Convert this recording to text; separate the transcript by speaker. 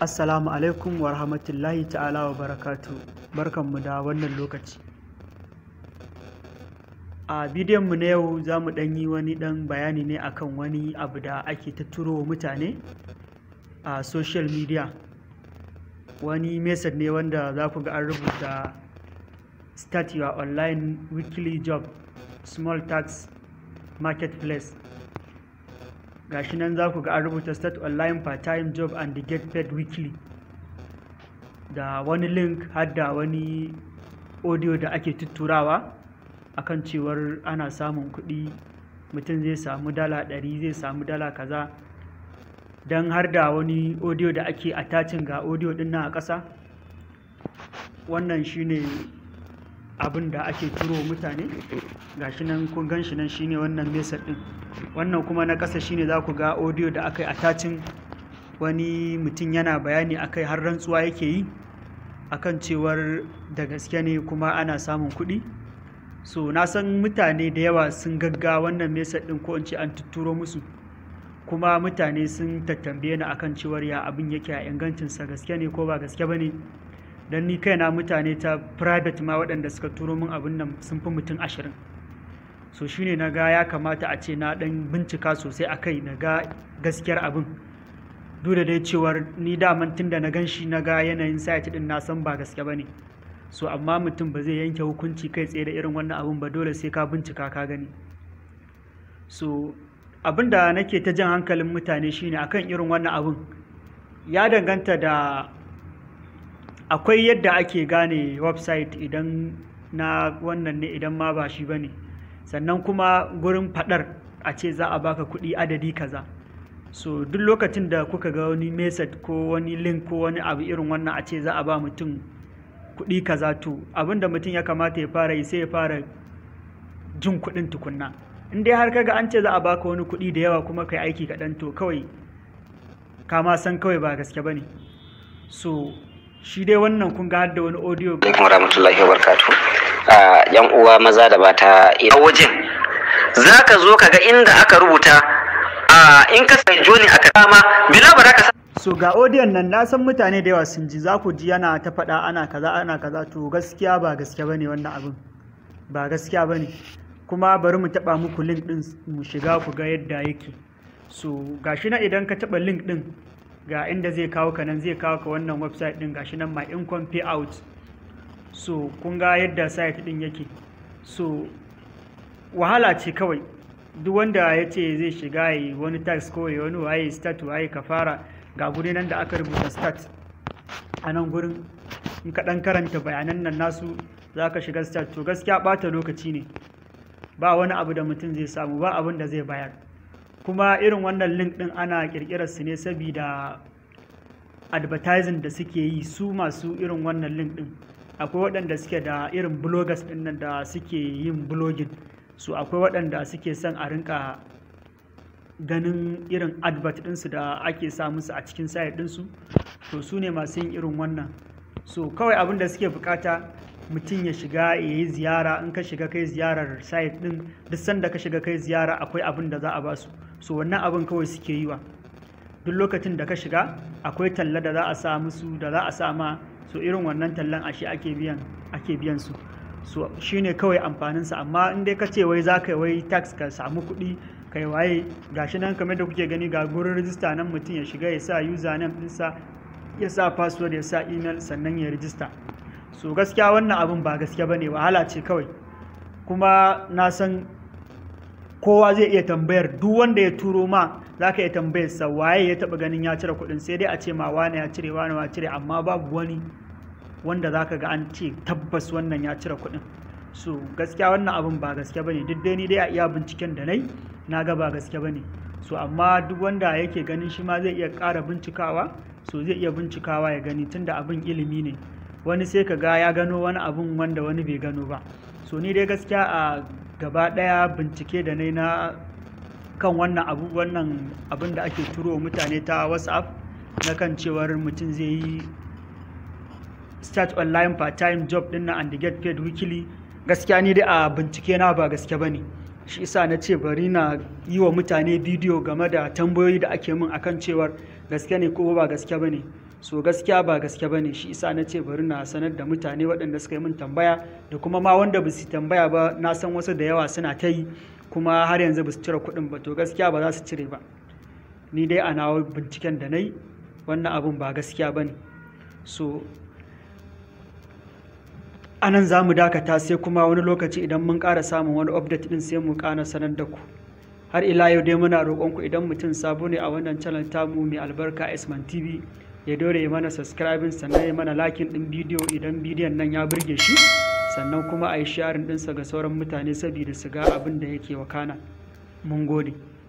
Speaker 1: Assalamu alaikum wa rahmatullahi ta'ala wa barakatu. Barkanmu da wannan lokaci. a bidiyon mu na yau za mu ɗan yi wani ɗan bayani ne akan wani abu da ake tatturo mutane a social media wani message ne wanda za ku ga an rubuta start your online weekly job small tax marketplace gashi nan za ku ga an rubuta start online part-time job and get paid weekly da wani link har da wani audio da ake tutturawa akan cewar ana samun kuɗi mutum zai samu dala ɗari zai samu dala kaza don har da wani odiyo da ake attachin ga audio ɗin nan a ƙasa wannan shine abin da ake turo mutane ga shi nan kun gan shi nan shine wannan mesar din wannan kuma na ƙasa shine za ku ga odiyo da aka yi tacin wani mutum yana bayani akai har rantsuwa yake yi akan cewar da gaske ne kuma ana samun kuɗi so na san mutane da yawa sun gagga wannan mesa ɗin ko in ce an tutturo musu kuma mutane sun tattambe ni akan cewar ya abin yake a ingancinsa gaske ne ko ba gaske ba ne don ni kaina mutane ta private ma waɗanda suka turo min abin nan sun fi mutum ashirin so shine na ga ya kamata a ce na ɗan bincika sosai a kai na ga gaskiyar abin duk da dai cewar ni daman tun da na gan shi na ga yanayin site ɗin na san ba gaske ba ne so amma mutum ba zai yanke hukunci kai tsaye da irin wannan abun ba dole sai ka bincika ka gani so abin da nake ta jan hankalin mutane shine akan irin wannan abun ya danganta da akwai yadda ake gane website idan na wannan ne idan ma ba shi ba ne sannan kuma gurin fadar a ce za a baka kuɗi adadi kaza so duk lokacin da kuka ga wani message ko wani link ko wani abu irin wannan a ce za a ba mutum kuɗi kaza to abinda mutum ya kamata ya fara yi sai ya fara jin kuɗin tukunna in dai har kaga an ce za a baka wani kuɗi da yawa kuma kai aiki kaɗan to kawai ka ma san kawai ba gaske ba ne. so shi dai wannan kun ga da wani audio alaikum barkatu a ah, yan uwa maza da bata a wajen zaka zo kaga inda aka rubuta A ah, in ka sai joni aka kama bila baraka so ga odiyon nan na san mutane da yawa sun ji za ku ji yana ta faɗa ana kaza ana kaza to gaskiya ba gaskiya bane wannan abin ba gaskiya bane kuma bari mu taɓa muku link ɗin mu shiga ku ga yadda yake so gashi na idan ka taɓa link ɗin ga inda zai kawo ka nan zai kawo ka wannan website ɗin gashi nan my income payout so kun ga yadda site ɗin yake so wahala ce kawai duk wanda ya ce zai shiga yi wani tax ko wani waye start waye kafara fara ga guri nan da aka rubuta stat a nan gurin in ka ɗan karanta bayanan nan nasu za ka shiga stat to gaskiya bata lokaci ne ba wani abu da mutum zai samu ba abin da zai bayar kuma irin wannan link ɗin ana kirkirar su ne saboda advertising da suke yi su masu irin wannan link ɗin akwai waɗanda suke da irin bloggers ɗin nan da suke yin blogging su akwai waɗanda suke son a rinka ganin irin advert ɗinsu da ake sa musu a cikin site ɗinsu to su ne masu yin irin wannan so kawai abin da suke bukata mutum ya shiga ya yi ziyara in ka shiga kai ziyarar site ɗin duk sanda ka shiga kai ziyara akwai abin da za a ba su so wannan abin kawai suke yi wa duk lokacin da ka shiga akwai talla da za a sa musu da za a sa ma so irin wannan tallan ashe ake biyan ake biyan su so shine kawai sa amma in dai ka ce wai za ka wai tax ka samu kuɗi kai waye gashi nan kamar da kuke gani ga gurin rijista nan mutum ya shiga ya sa username ɗinsa ya sa password ya sa email sannan ya rijista so gaskiya wannan abin ba gaskiya bane wahala ce kawai kuma na san kowa zai iya tambayar duk wanda ya turo ma zaka iya tambayar sa waye ya taba ganin ya cire kuɗin sai dai a ce ma wane ya cire wane ya cire amma babu wani wanda zaka ga an ce tabbas wannan ya cire kuɗin so gaskiya wannan abin ba gaskiya bane duk dai ni dai a iya binciken da na na ga ba gaske ba ne so amma duk wanda yake ganin shi ma zai iya ƙara bincikawa so zai iya bincikawa ya gani tunda abin ilimi ne wani sai ka ga ya gano wani abin wanda wani bai gano ba so ni dai gaskiya a gaba ɗaya bincike da na na kan wannan abu wannan abin da ake turo mutane ta whatsapp na kan cewar mutum zai yi start online part time job din na and get paid weekly gaskiya ni dai a bincike na ba gaske ba ne. shi isa na ce bari na yi wa mutane bidiyo game da tambayoyi da ake min akan cewar gaske ne ko ba gaske ba ne so gaskiya ba gaske ba ne shi sa na ce bari na sanar da mutane waɗanda suka yi min tambaya da kuma ma wanda ba su tambaya ba na san wasu da yawa suna ta yi kuma har yanzu ba su cire kuɗin ba to gaskiya ba za su cire ba ni dai a nawa binciken da na yi wannan abun ba gaskiya ba ne so anan nan za mu dakata sai kuma wani lokaci idan mun ƙara samun wani update din sai mu ƙana sanar da ku har ila yau dai muna ku idan mutum sabo ne a wannan channel tamu mai albarka isman tv ya dore mana subscribing sannan ya mana lakin ɗin bidiyo idan bidiyon nan ya burge shi sannan kuma a yi sharing ɗinsa ga sauran mutane saboda su ga abin da yake wakana mun gode